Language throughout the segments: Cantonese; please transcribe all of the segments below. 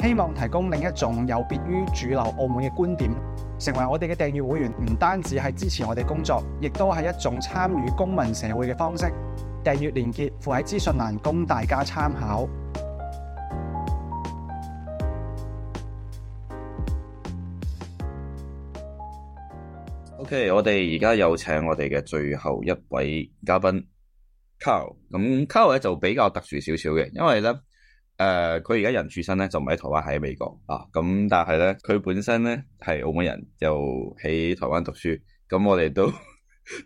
希望提供另一種有別於主流澳門嘅觀點，成為我哋嘅訂閱會員，唔單止係支持我哋工作，亦都係一種參與公民社會嘅方式。訂閱鏈接附喺資訊欄，供大家參考。OK，我哋而家有請我哋嘅最後一位嘉賓 Carl。咁 Carl 就比較特殊少少嘅，因為呢，誒，佢而家人住身咧就唔喺台灣，喺美國啊。咁、uh, 但係咧，佢本身咧係澳門人，就喺台灣讀書。咁我哋都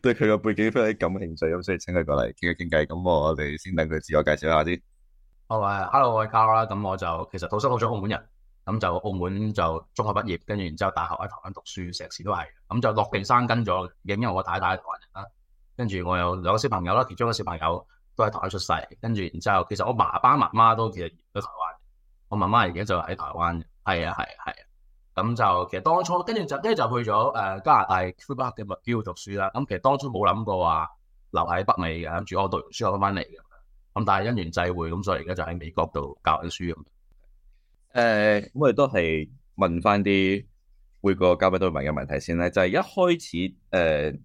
對佢個背景非常之感興趣，咁所以請佢過嚟傾一傾偈。咁我哋先等佢自我介紹下先。我誒，Hello，我係 Karl 啦。咁我就其實土生土長澳門人，咁就澳門就中學畢業，跟住然之後大學喺台灣讀書，成時都係。咁就落地生根咗，因因為我太太係台灣人啦。跟住我有兩個小朋友啦，其中一個小朋友。都喺台灣出世，跟住然之後，其實我爸爸媽，媽媽都其實喺台灣。我媽媽而家就喺台灣嘅，係啊係啊係啊。咁、啊啊、就其實當初跟住就跟住就去咗誒、呃、加拿大魁北克嘅麥高讀書啦。咁、嗯、其實當初冇諗過話留喺北美嘅，諗住我讀完書我翻翻嚟嘅。咁、嗯、但係因緣際會，咁所以而家就喺美國度教緊書咁。誒、呃、咁我哋都係問翻啲每個嘉賓都問嘅問題先咧，就係、是、一開始誒、呃、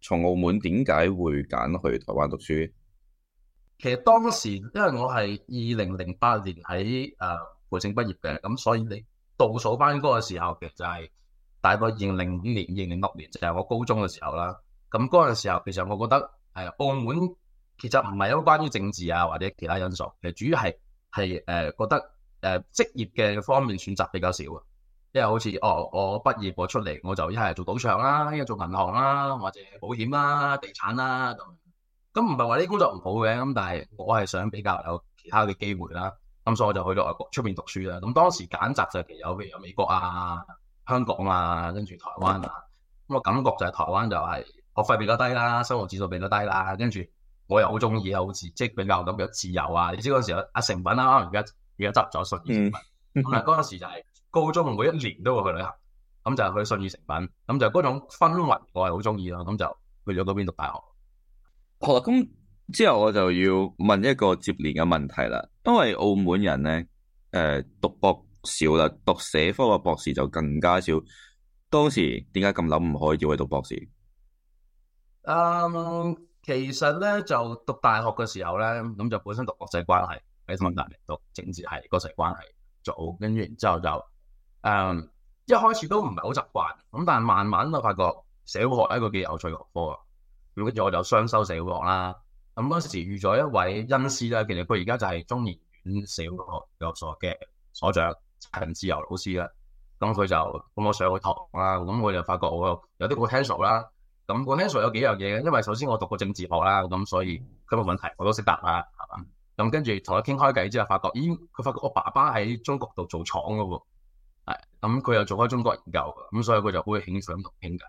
從澳門點解會揀去台灣讀書？其實當時因為我係二零零八年喺誒培正畢業嘅，咁所以你倒數翻嗰個時候，其實就係大概二零零五年、二零零六年就係、是、我高中嘅時候啦。咁嗰陣時候，其實我覺得誒澳門其實唔係一個關於政治啊或者其他因素，其實主要係係誒覺得誒職、呃、業嘅方面選擇比較少啊。因為好似哦，我畢業我出嚟，我就一係做賭場啦、啊，一係做銀行啦、啊，或者保險啦、啊、地產啦、啊、咁。咁唔係話呢啲工作唔好嘅，咁但係我係想比較有其他嘅機會啦，咁所以我就去到外國出邊讀書啦。咁當時揀擇就係有，譬如有美國啊、香港啊，跟住台灣啊。咁我感覺就係台灣就係學費比較低啦，生活指數比較低啦，跟住我又好中意啦，好自即係、就是、比較咁樣自由啊。你知嗰陣時阿誠品啦、啊，可能而家而家執咗信義誠品。咁啊嗰陣時就係高中每一年都會去旅行，咁就去信義誠品，咁就嗰種氛圍我係好中意啦，咁就去咗嗰邊讀大學。好啦，咁之後我就要問一個接連嘅問題啦。因為澳門人咧，誒，讀博少啦，讀社科嘅博士就更加少。當時點解咁諗唔可以要去讀博士？嗯，其實咧就讀大學嘅時候咧，咁就本身讀國際關係，喺香港大學讀政治系國際關係組，跟住然之後就，嗯，一開始都唔係好習慣，咁但係慢慢就發覺社會學係一個幾有趣嘅學科啊。跟住我就雙修社會學啦。咁嗰時遇咗一位恩師啦，其實佢而家就係中研院社會學教授嘅所長陳志柔老師啦。咁佢就咁我上去堂啦，咁我就發覺我有啲好 handsome 啦。咁個 handsome 有幾樣嘢嘅，因為首先我讀過政治學啦，咁所以佢個問題我都識答啦，係嘛？咁跟住同佢傾開偈之後，發覺咦，佢發覺我爸爸喺中國度做廠噶喎，咁佢又做開中國研究㗎，咁所以佢就好興趣咁同傾偈。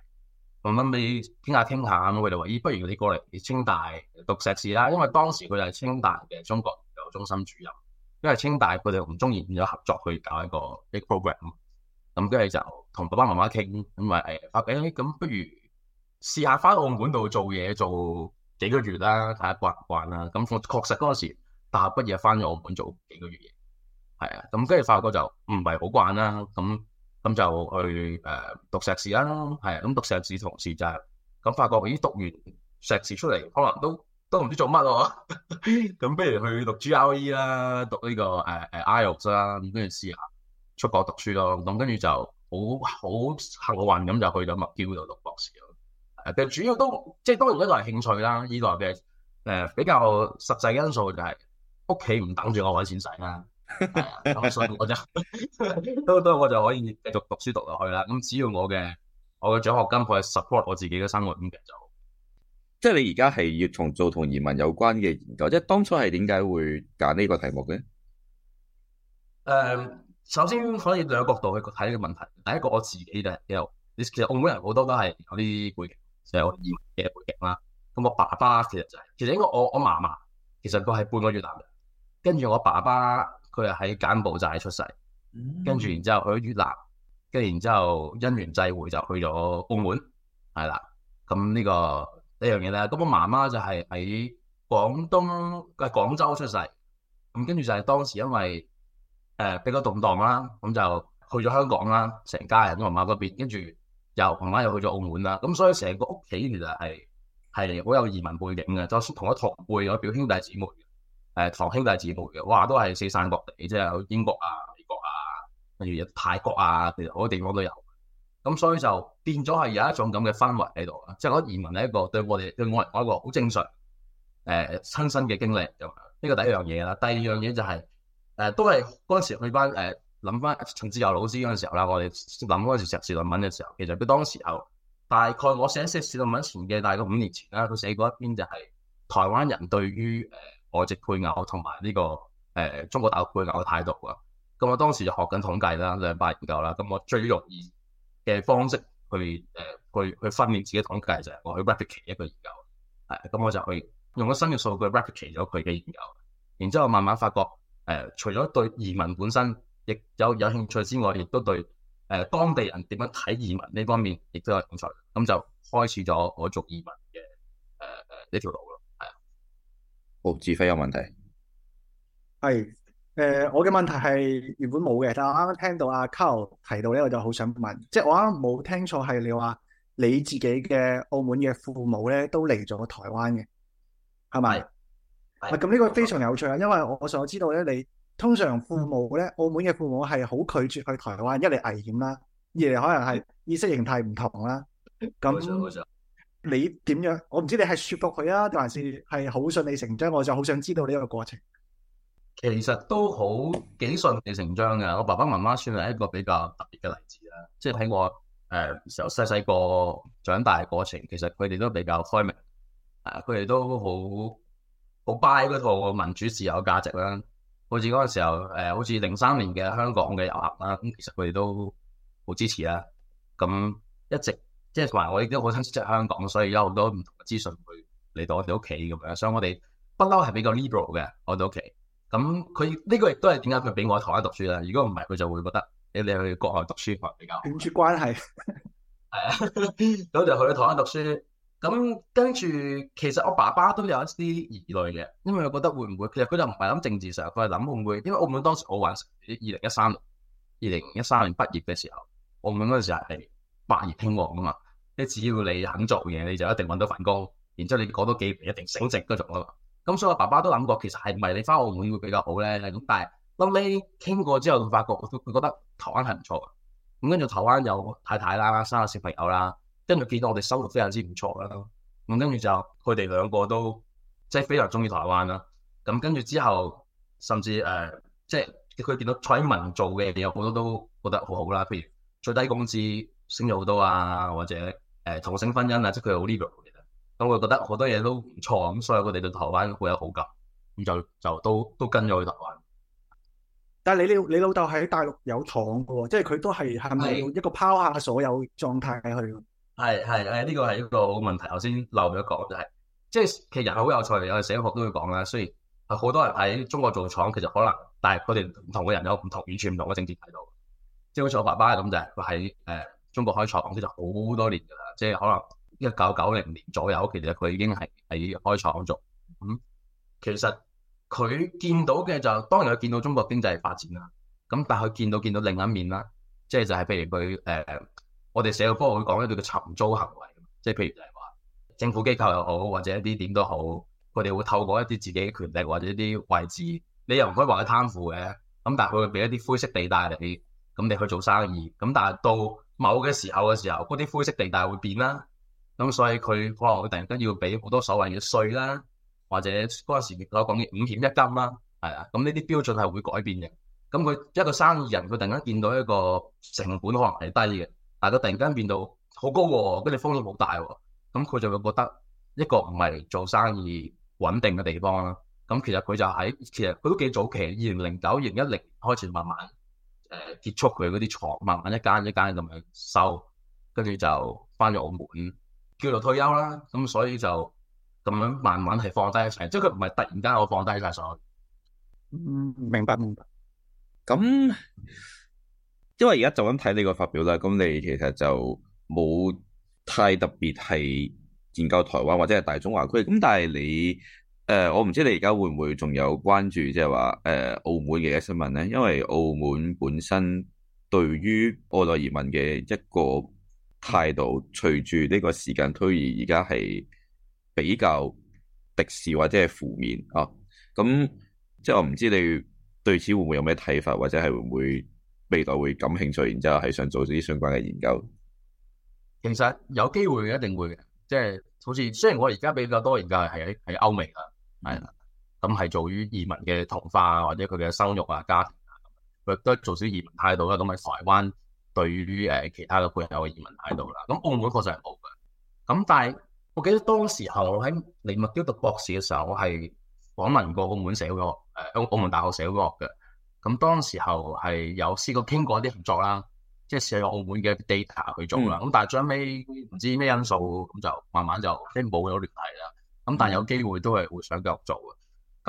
同媽咪傾下傾下咯，佢哋話咦，不如嗰啲過嚟？清大讀碩士啦，因為當時佢就係清大嘅中國研究中心主任，因為清大佢哋同中研院合作去搞一個 big program，咁跟住就同爸爸媽媽傾，咁咪誒，發、欸，誒咁不如試下翻澳門度做嘢做幾個月啦，睇下慣唔慣啦。咁我確實嗰陣時大學畢業翻咗澳門做幾個月嘢，係啊，咁跟住發覺就唔係好慣啦，咁。咁就去誒、呃、讀碩士啦，係咁讀碩士同時就咁發覺咦，讀完碩士出嚟可能都都唔知做乜喎，咁 不如去讀 GRE 啦，讀呢、這個、呃、IELTS 啦，咁跟住試下出國讀書咯，咁跟住就好好幸運咁就去到麥嗰度讀博士咯。誒，主要都即係當然一個係興趣啦，呢、這個嘅、呃、比較實際因素就係屋企唔等住我揾錢使啦。所以我就都都我就可以繼續讀書讀落去啦。咁只要我嘅我嘅獎學金可以 support 我自己嘅生活咁嘅就，即係你而家係要從做同移民有關嘅研究，即係當初係點解會揀呢個題目嘅？誒、嗯，首先可以兩個角度去睇呢個問題。第一個我自己就是、其實澳門人好多都係有啲背景，就係、是、我移民嘅背景啦。咁我爸爸其實就係、是、其實應該我我媽媽其實佢係半個越南人，跟住我爸爸。佢係喺柬埔寨出世，跟住然之後去越南，跟住，然之後因緣際會就去咗澳門，係啦。咁、這個這個、呢個呢樣嘢咧，咁我媽媽就係喺廣東嘅廣州出世，咁跟住就係當時因為誒、呃、比較動盪啦，咁就去咗香港啦，成家人同阿媽嗰邊，跟住又阿媽又去咗澳門啦。咁所以成個屋企其實係係好有移民背景嘅，就同一堂輩、有一表兄弟姊妹，誒堂兄弟姊妹嘅，哇，都係四散各地，即係英國啊、美國啊，跟住有泰國啊，其實好多地方都有。咁所以就變咗係有一種咁嘅氛圍喺度啦，即係嗰移民係一個對我哋對我嚟講一個好正常誒、呃、親身嘅經歷。咁呢個第一樣嘢啦，第二樣嘢就係、是、誒、呃、都係嗰陣時去翻誒諗翻陳志友老師嗰陣時候啦，我哋諗嗰陣時寫碩士論文嘅時候，其實佢當時候大概我寫一寫碩士論文前嘅大概五年前啦，佢寫過一篇就係台灣人對於誒。外籍配偶同埋呢個誒、呃、中國大陸配偶嘅態度啊，咁我當時就學緊統計啦，兩百研究啦，咁我最容易嘅方式去誒、呃、去去訓練自己統計就係我去 replicate 一個研究，係咁我就去用咗新嘅數據 replicate 咗佢嘅研究，然之後慢慢發覺誒、呃，除咗對移民本身亦有有興趣之外，亦都對誒、呃、當地人點樣睇移民呢方面亦都有興趣，咁就開始咗我做移民嘅誒誒呢條路。哦，志輝有問題，係誒、呃，我嘅問題係原本冇嘅，但係我啱啱聽到阿 Carl 提到咧，我就好想問，即係我啱啱冇聽錯係你話你自己嘅澳門嘅父母咧都嚟咗台灣嘅，係咪？係咁呢個非常有趣啊，因為我想知道咧，你通常父母咧澳門嘅父母係好拒絕去台灣，一嚟危險啦，二嚟可能係意識形態唔同啦。咁你點樣？我唔知你係說服佢啊，定還是係好順理成章？我就好想知道呢一個過程。其實都好幾順理成章嘅。我爸爸媽媽算係一個比較特別嘅例子啦。即係喺我誒、呃、時候細細個長大過程，其實佢哋都比較開明啊。佢哋都好好 buy 嗰套民主自由嘅價值啦。好似嗰個時候誒、呃，好似零三年嘅香港嘅遊行啦。咁其實佢哋都好支持啦。咁、啊、一直。即係話我亦都好親戚，即係香港，所以有好多唔同嘅資訊會嚟到我哋屋企咁樣，所以我哋不嬲係比較 liberal 嘅我哋屋企。咁佢呢個亦都係點解佢俾我喺台灣讀書啦。如果唔係，佢就會覺得你哋去國外讀書，可能比較血緣關係係啊。咁就去咗台灣讀書。咁跟住，其實我爸爸都有一啲疑慮嘅，因為我覺得會唔會？其實佢就唔係諗政治上，佢係諗會唔會？因為澳門當時好穩，二零一三、二零一三年畢業嘅時候，澳門嗰陣時係。百業興旺啊嘛，即只要你肯做嘢，你就一定搵到份工。然之後你過多幾年，一定升職種啊嘛。咁所以，我爸爸都諗過，其實係唔係你翻澳門會比較好咧？咁但係當你傾過之後，佢發覺佢覺得台灣係唔錯嘅。咁跟住台灣有太太啦，生咗小朋友啦，跟住見到我哋收入非常之唔錯啦。咁跟住就佢哋兩個都即係非常中意台灣啦。咁跟住之後，甚至誒、呃，即係佢見到蔡英文做嘅嘢，有好多都覺得好好啦。譬如最低工資。升咗好多啊，或者誒、欸、同性婚姻啊，即係佢好 liberal 嘅，咁我覺得好多嘢都唔錯咁，所以佢哋對台灣好有好感，咁就就都都跟咗去台灣。但係你你你老豆喺大陸有廠嘅，即係佢都係係咪一個拋下所有狀態去的？係係係，呢個係一個好問題。我先漏咗講就係、是，即係其實係好有趣。我哋社會學都會講啦，雖然好多人喺中國做廠，其實可能但係佢哋唔同嘅人有唔同完全唔同嘅政治態度，即係好似我爸爸咁就係佢喺誒。欸中國開廠啲就好多年噶啦，即係可能一九九零年左右，其實佢已經係喺開廠做。咁其實佢見到嘅就，當然佢見到中國經濟發展啦。咁但係佢見到見到另一面啦，即係就係譬如佢誒、呃，我哋社會科學會講一啲嘅尋租行為，即係譬如就係話政府機構又好，或者一啲點都好，佢哋會透過一啲自己嘅權力或者一啲位置，你又唔可以話佢貪腐嘅，咁但係佢會俾一啲灰色地帶你，咁你去做生意。咁但係到某嘅時候嘅時候，嗰啲灰色地帶會變啦，咁所以佢可能會突然間要俾好多所謂嘅稅啦，或者嗰陣時攞講五險一金啦，係啊，咁呢啲標準係會改變嘅。咁佢一個生意人，佢突然間見到一個成本可能係低嘅，但係佢突然間變到好高喎，跟住風險好大喎，咁佢就會覺得一個唔係做生意穩定嘅地方啦。咁其實佢就喺、是、其實佢都幾早期，二零零九、二零一零開始慢慢。誒，結束佢嗰啲床，慢慢一間一間咁樣收，跟住就翻咗澳門，叫做退休啦。咁所以就咁樣慢慢係放低晒，即係佢唔係突然間我放低晒所有。嗯，明白明白。咁，因為而家就咁睇你個發表啦，咁你其實就冇太特別係研究台灣或者係大中華區，咁但係你。誒、嗯，我唔知你而家會唔會仲有關注，即係話誒澳門嘅新聞咧？因為澳門本身對於外來移民嘅一個態度，隨住呢個時間推移，而家係比較敵視或者係負面啊。咁、嗯嗯嗯、即係我唔知你對此會唔會有咩睇法，或者係會唔會未來會感興趣，然之後係想做啲相關嘅研究。其實有機會嘅，一定會嘅。即係好似雖然我而家比較多研究係喺喺歐美啦。係啦，咁係做於移民嘅同化或者佢嘅生育啊、家庭啊，佢都做少移民態度啦。咁喺台灣對於誒其他嘅配偶嘅移民態度啦，咁澳門確實係冇嘅。咁但係我記得當時候我喺李木雕讀博士嘅時候，我係訪問過澳門社會學誒澳澳門大學社會學、那個嘅。咁當時候係有試過傾過一啲合作啦，即係試過澳門嘅 data 去做啦。咁、嗯、但係最後尾唔知咩因素，咁就慢慢就即係冇咗聯繫啦。咁、嗯、但係有機會都係會想繼續做嘅。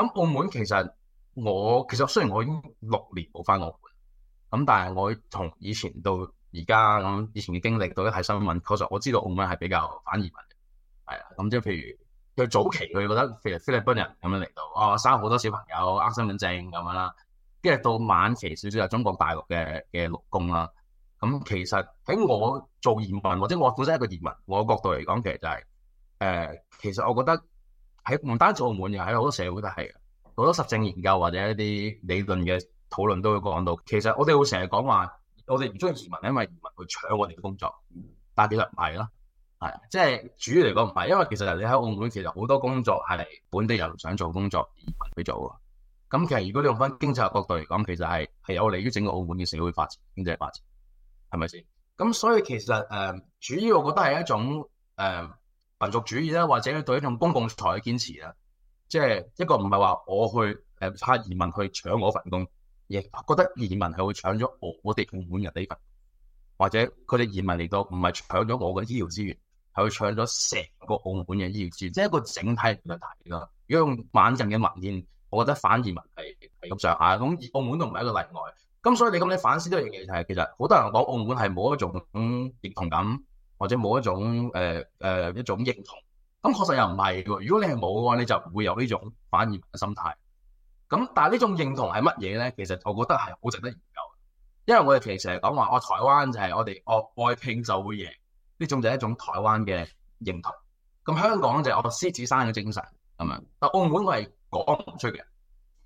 咁澳門其實我其實雖然我已經六年冇返澳門，咁但係我從以前到而家咁以前嘅經歷，到而家睇新聞，確實我知道澳門係比較反移民嘅，係啊。咁即係譬如佢早期佢覺得譬如菲律賓人咁樣嚟到，哦，生好多小朋友，呃身份證咁樣啦，跟住到晚期少少係中國大陸嘅嘅陸工啦。咁其實喺我做移民或者我本身一個移民我角度嚟講，其實就係、是、誒、呃，其實我覺得。唔單止澳門嘅，喺好多社會都係嘅。好多實證研究或者一啲理論嘅討論都會講到，其實我哋會成日講話，我哋唔中意移民，因為移民會搶我哋嘅工作，但其實唔係咯，係即係主要嚟講唔係，因為其實你喺澳門，其實好多工作係本地人想做工作，移民去做啊。咁其實如果你用翻經濟嘅角度嚟講，其實係係有利於整個澳門嘅社會發展、經濟發展，係咪先？咁所以其實誒、呃，主要我覺得係一種誒。呃民族主義咧，或者對一種公共財嘅堅持啊，即係一個唔係話我去誒派移民去搶我份工，亦覺得移民係會搶咗我哋澳門人呢份，或者佢哋移民嚟到唔係搶咗我嘅醫療資源，係會搶咗成個澳門嘅醫療資源，即係一個整體問題咯。如果用猛陣嘅文件，我覺得反移民係係咁上下，咁澳門都唔係一個例外。咁所以你咁你反思一樣嘢就係，其實好多人講澳門係冇一種嗯、認同感。或者冇一種誒、呃呃、一種認同，咁確實又唔係喎。如果你係冇嘅話，你就唔會有呢種反移民嘅心態。咁但係呢種認同係乜嘢咧？其實我覺得係好值得研究。因為我哋平時嚟講話，我、哦、台灣就係我哋我愛拼就會贏，呢種就係一種台灣嘅認同。咁香港就係我獅子山嘅精神咁樣。但澳門我係講唔出嘅，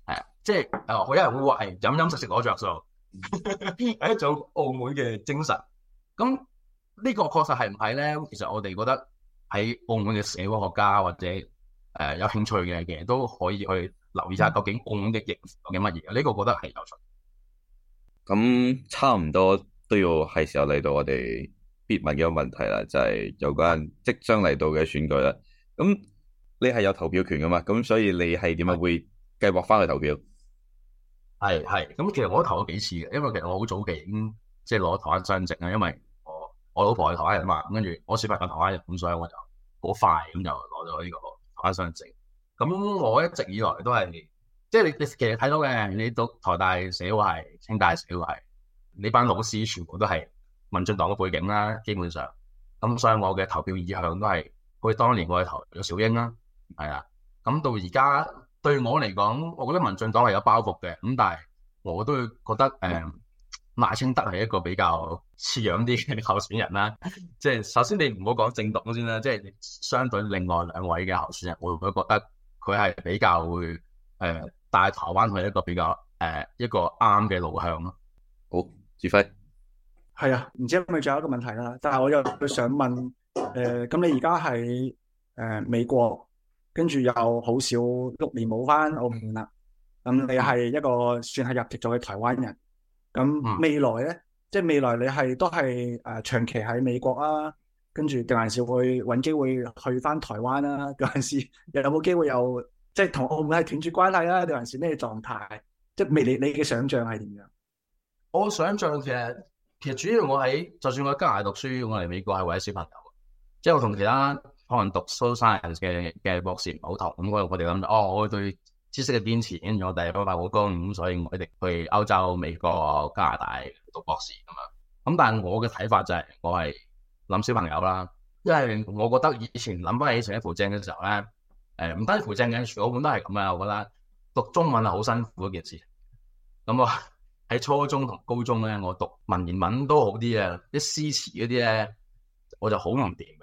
啊，即係好有人會話係飲飲食食攞着數，係 一種澳門嘅精神。咁呢、這個確實係唔係咧？其實我哋覺得喺澳門嘅社會學家或者誒、呃、有興趣嘅，其實都可以去留意下，究竟澳門嘅形況係乜嘢？呢、這個覺得係有趣。咁差唔多都要係時候嚟到我哋必問嘅問題啦，就係、是、有關即將嚟到嘅選舉啦。咁你係有投票權噶嘛？咁所以你係點樣會計劃翻去投票？係係咁，其實我都投咗幾次嘅，因為其實我好早期已經即係攞台灣雙證啦，因為。我老婆係台灣人嘛，跟住我小朋友台灣人，咁所以我就好快咁就攞咗呢個台灣身份證。咁我一直以來都係，即係你你其實睇到嘅，你讀台大社會，清大社會，呢班老師全部都係民進黨嘅背景啦，基本上。咁所以我嘅投票意向都係，佢當年我係投咗小英啦，係啊。咁到而家對我嚟講，我覺得民進黨係有包袱嘅，咁但係我都會覺得、嗯賴清德係一個比較似樣啲嘅候選人啦，即係首先你唔好講政黨先啦，即係相對另外兩位嘅候選人，我會覺得佢係比較會誒帶台灣去一個比較誒一個啱嘅路向咯。好，志輝係啊，唔知係咪仲有一個問題啦？但係我又想問誒，咁你而家喺誒美國，跟住又好少六年冇翻澳門啦，咁你係一個算係入籍咗嘅台灣人？咁未來咧、嗯，即係未來你係都係誒長期喺美國啊，跟住定還是會揾機會去翻台灣啦、啊？定還是又有冇機會有即係同澳門係斷絕關係啦、啊？定還是咩狀態？即係未你你嘅想像係點樣？我的想象嘅其，其實主要我喺就算我喺加拿大讀書，我嚟美國係為咗小朋友，即係我同其他可能讀 social science 嘅嘅博士唔好同咁，我我哋諗哦，我對知識嘅堅持，跟住我第二個方法好乾，咁所以我一定去歐洲、美國、加拿大讀博士咁樣。咁但係我嘅睇法就係、是，我係諗小朋友啦，因為我覺得以前諗翻起成一培正嘅時候咧，誒、欸、唔單止培正嘅，我本都係咁啊！我覺得讀中文係好辛苦嘅一件事。咁啊喺初中同高中咧，我讀文言文都好啲啊，啲詩詞嗰啲咧，我就好唔掂嘅，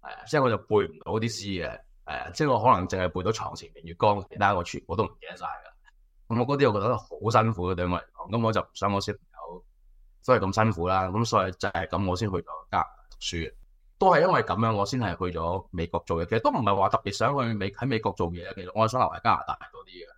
係啊，即係我就背唔到啲詩嘅。誒、啊，即係我可能淨係背到床前明月光，其他我全部都唔記得晒噶。咁我嗰啲我覺得好辛苦嘅，對我嚟講，咁我就唔想我小朋友都係咁辛苦啦。咁所以就係咁，我先去咗加拿大讀書，都係因為咁樣，我先係去咗美國做嘢。其實都唔係話特別想去美喺美國做嘢，其實我係想留喺加拿大多啲嘅。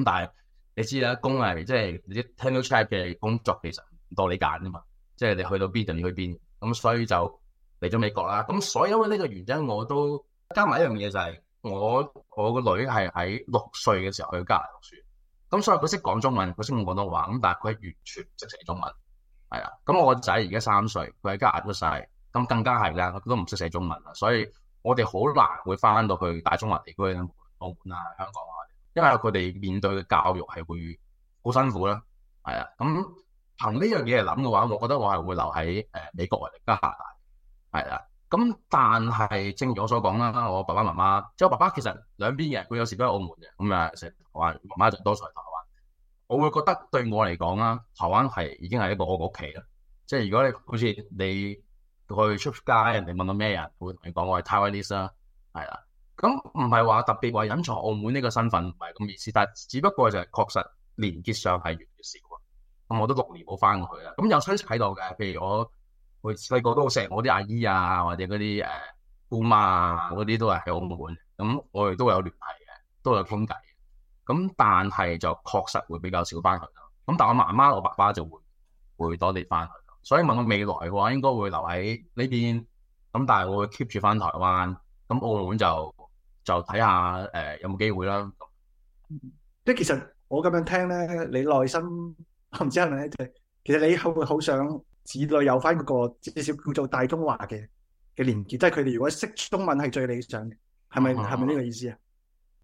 咁但係你知啦，工係即係你聽到 tenure track 嘅工作，其實唔、嗯就是、多你揀噶嘛。即、就、係、是、你去到邊就要去邊，咁所以就嚟咗美國啦。咁所以因為呢個原因我都。加埋一樣嘢，就係我我個女係喺六歲嘅時候去加拿大讀書，咁所以佢識講中文，佢識講廣東話，咁但係佢係完全唔識寫中文，係啊。咁我個仔而家三歲，佢喺加拿大都晒，咁更加係啦，佢都唔識寫中文啦。所以我哋好難會翻到去大中華地區，澳門啊、香港啊，因為佢哋面對嘅教育係會好辛苦啦，係啊。咁憑呢樣嘢嚟諗嘅話，我覺得我係會留喺誒美國或者加拿大，係啦。咁但係正如我所講啦，我爸爸媽媽即係我爸爸，其實兩邊嘅佢有時都喺澳門嘅，咁啊成話媽媽就多在台灣。我會覺得對我嚟講啦，台灣係已經係一個我嘅屋企啦。即係如果你好似你去出街，人哋問到咩人，會同你講我係 Taiwanese 啦，係啦。咁唔係話特別話隱藏澳門呢個身份，唔係咁意思，但只不過就確實連結上係越嚟越少。咁我都六年冇翻過去啦。咁有親戚喺度嘅，譬如我。我細個都好錫我啲阿姨啊，或者嗰啲誒姑媽啊，嗰啲都係喺澳門，咁我哋都有聯繫嘅，都有傾偈。咁但係就確實會比較少翻去咯。咁但係我媽媽、我爸爸就會會多啲翻去。所以問我未來嘅話，應該會留喺呢邊。咁但係我會 keep 住翻台灣。咁澳門就就睇下誒有冇機會啦。即係其實我咁樣聽咧，你內心我唔知係咪，即係其實你會好想。子女有翻、那、嗰個至少叫做大中華嘅嘅連結，即係佢哋如果識中文係最理想嘅，係咪係咪呢個意思啊？誒、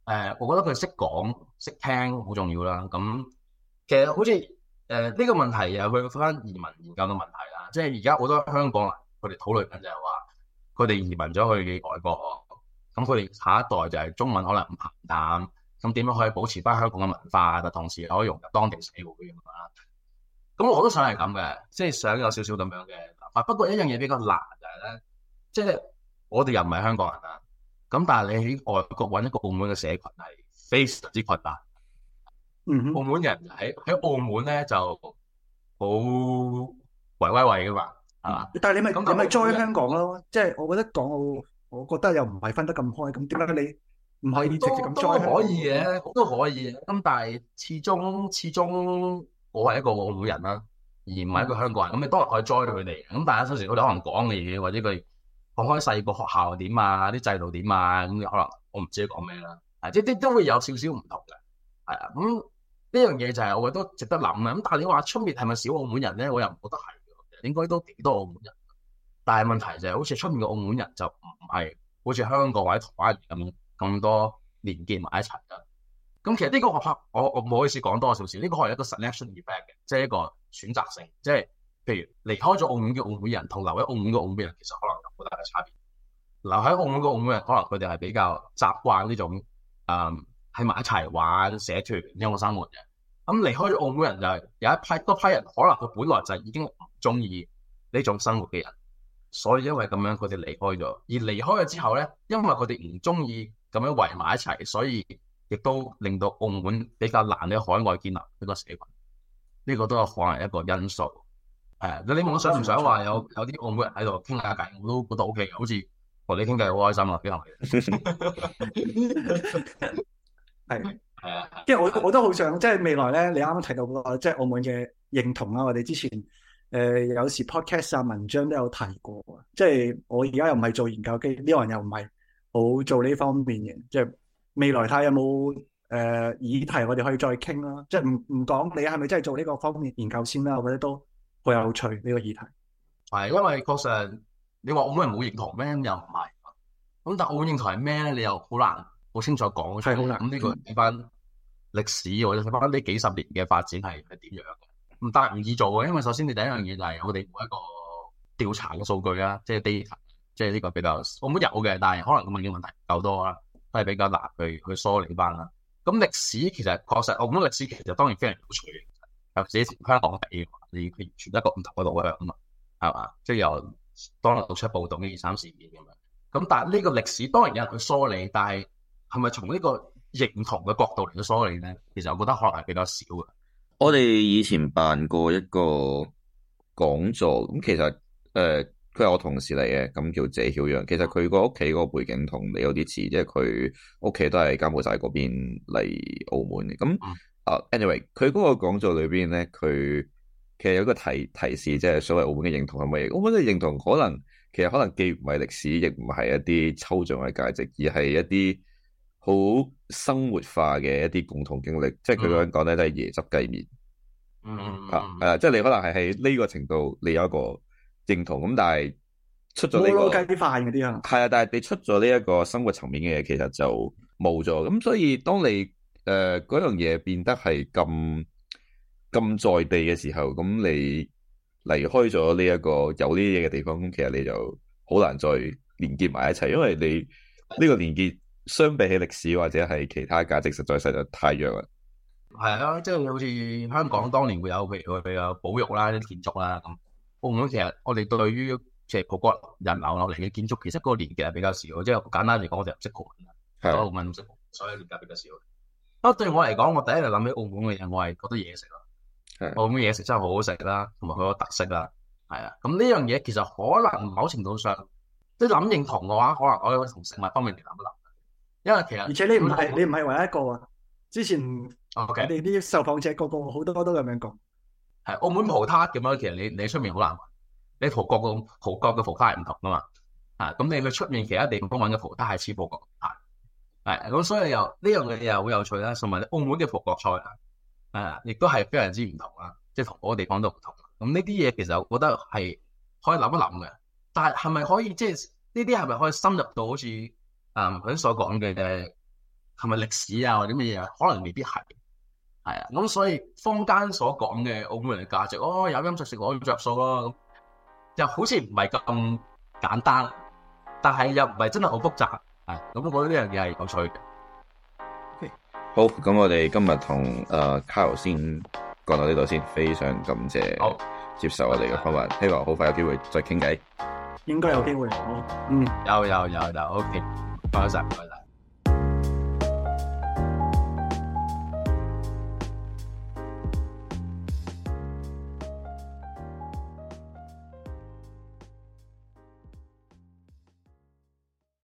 呃，我覺得佢識講識聽好重要啦。咁其實好似誒呢個問題啊，佢翻移民研究嘅問題啦，即係而家好多香港人佢哋討論緊就係話，佢哋移民咗去嘅外國，咁佢哋下一代就係、是、中文可能唔平淡，咁點樣可以保持翻香港嘅文化，但同時可以融入當地社會嘅樣啊。咁我都想係咁嘅，即、就、係、是、想有少少咁樣嘅。啊，不過一樣嘢比較難就係、是、咧，即、就、係、是、我哋又唔係香港人啦。咁但係你喺外國揾一個澳門嘅社群係非常之困難。嗯，mm -hmm. 澳門人喺喺澳門咧就好圍威喂噶嘛，係嘛？但係你咪你咪 join 香港咯？即係、就是、我覺得港澳，我覺得又唔係分得咁開。咁點解你唔可以直接咁 join？都可以嘅，都可以嘅。咁但係始終，始終。我係一個澳門人啦、啊，而唔係一個香港人。咁、嗯嗯、你當日可以 join 佢哋。咁但係有陣時佢哋可能講嘅嘢，或者佢學開細個學校點啊、啲制度點啊，咁可能我唔知佢講咩啦。啊，一啲都會有少少唔同嘅，係啊。咁呢樣嘢就係我覺得都值得諗啊。咁但係你話出面係咪少澳門人咧？我又唔覺得係，應該都幾多澳門人。但係問題就係、是、好似出面嘅澳門人就唔係好似香港或者台灣咁咁多連結埋一齊嘅。咁其實呢個學派，我我唔好意思講多少少。呢個係一個 selection effect 嘅，即係一個選擇性。即係譬如離開咗澳門嘅澳門人，同留喺澳門嘅澳門人，其實可能有好大嘅差別。留喺澳門嘅澳門人，可能佢哋係比較習慣呢種誒喺埋一齊玩社團呢個生活嘅。咁離開咗澳門人就係有一批多批人，可能佢本來就已經唔中意呢種生活嘅人，所以因為咁樣佢哋離開咗。而離開咗之後咧，因為佢哋唔中意咁樣圍埋一齊，所以。亦都令到澳門比較難喺海外建立呢個社群，呢個都係可能一個因素。誒，你冇想唔想話有有啲澳門人喺度傾下偈？我都覺得 OK 嘅，好似同你傾偈好開心啊，幾好嘅。係係啊，因為我我都好想，即係未來咧，你啱啱提到個即係澳門嘅認同啊，我哋之前誒有時 podcast 啊文章都有提過，即係我而家又唔係做研究機，呢個人又唔係好做呢方面嘅，即係。未來睇下有冇誒、呃、議題，我哋可以再傾啦。即係唔唔講你係咪真係做呢個方面研究先啦？我覺得都好有趣呢、這個議題，係因為確實你話澳門人冇認同咩，又唔係咁，但澳門認同係咩咧？你又好難好清楚講。係好難。咁呢、嗯這個睇翻歷史，或者睇翻呢幾十年嘅發展係係點樣，唔但係唔易做嘅，因為首先你第一樣嘢就係我哋每一個調查嘅數據啦，即係 data，即係呢個比較澳門有嘅，但係可能我問嘅問題夠多啦。都係比較難去去梳理翻啦。咁歷史其實確實，我覺得歷史其實當然非常有趣嘅。尤其是香港歷史，佢完全一個唔同嘅導向啊嘛，係嘛？即係由當年六七暴動嘅一二三事件咁樣。咁但係呢個歷史當然有人去梳理，但係係咪從呢個認同嘅角度嚟到梳理咧？其實我覺得可能係比較少嘅。我哋以前辦過一個講座，咁其實誒。呃佢係我同事嚟嘅，咁叫謝曉陽。其實佢個屋企個背景同你有啲似，即係佢屋企都係柬埔寨嗰邊嚟澳門嘅。咁啊、嗯 uh，anyway，佢嗰個講座裏邊咧，佢其實有個提提示，即係所謂澳門嘅認同係乜嘢？澳門嘅認同可能其實可能既唔係歷史，亦唔係一啲抽象嘅價值，而係一啲好生活化嘅一啲共同經歷。即係佢咁樣講咧，就係、是、椰汁雞麵。嗯嗯、uh, uh, 即係你可能係喺呢個程度，你有一個。認同咁，但係出咗呢個雞飯嗰啲啊，係啊，但係你出咗呢一個生活層面嘅嘢，其實就冇咗。咁所以當你誒嗰樣嘢變得係咁咁在地嘅時候，咁你離開咗呢一個有呢啲嘢嘅地方，咁其實你就好難再連結埋一齊，因為你呢個連結相比起歷史或者係其他價值，實在實在太弱啦。係啊，即係好似香港當年會有譬如佢有保育啦、啲建築啦咁。嗯澳門其實我哋對於其實葡國人流落嚟嘅建築，其實嗰個年紀係比較少。即係簡單嚟講，我哋唔識葡文啦，我唔識，所以年紀比較少。啊，對我嚟講，我第一日諗起澳門嘅嘢，我係覺得嘢食啦。係澳門嘢食真係好好食啦，同埋佢個特色啦，係啊。咁呢樣嘢其實可能某程度上，即係諗認同嘅話，可能我喺同食物方面嚟諗一諗。因為其實而且你唔係你唔係唯一一個啊。之前我哋啲受訪者，okay. 個個好多都咁樣講。係澳門葡撻咁樣，其實你你出面好難揾，你葡國嘅葡國嘅葡撻係唔同噶嘛？啊，咁你去出面其他地方揾嘅葡撻係似葡國葡，係咁所以又呢樣嘢又好有趣啦。同埋澳門嘅葡國菜啊，啊，亦都係非常之唔同啦，即係同嗰個地方都唔同。咁呢啲嘢其實我覺得係可以諗一諗嘅，但係係咪可以即係呢啲係咪可以深入到好似啊佢所講嘅係咪歷史啊或者乜嘢可能未必係。係啊，咁所以坊間所講嘅澳門嘅價值，哦有音着數，我有着數咯，又好似唔係咁簡單，但係又唔係真係好複雜，係，咁我覺得呢樣嘢係有趣嘅。好，咁我哋今日同誒 Karl 先講到呢度先，非常感謝，好接受我哋嘅訪問，希望好快有機會再傾偈，應該有機會，嗯，有有有，好，OK，拜拜。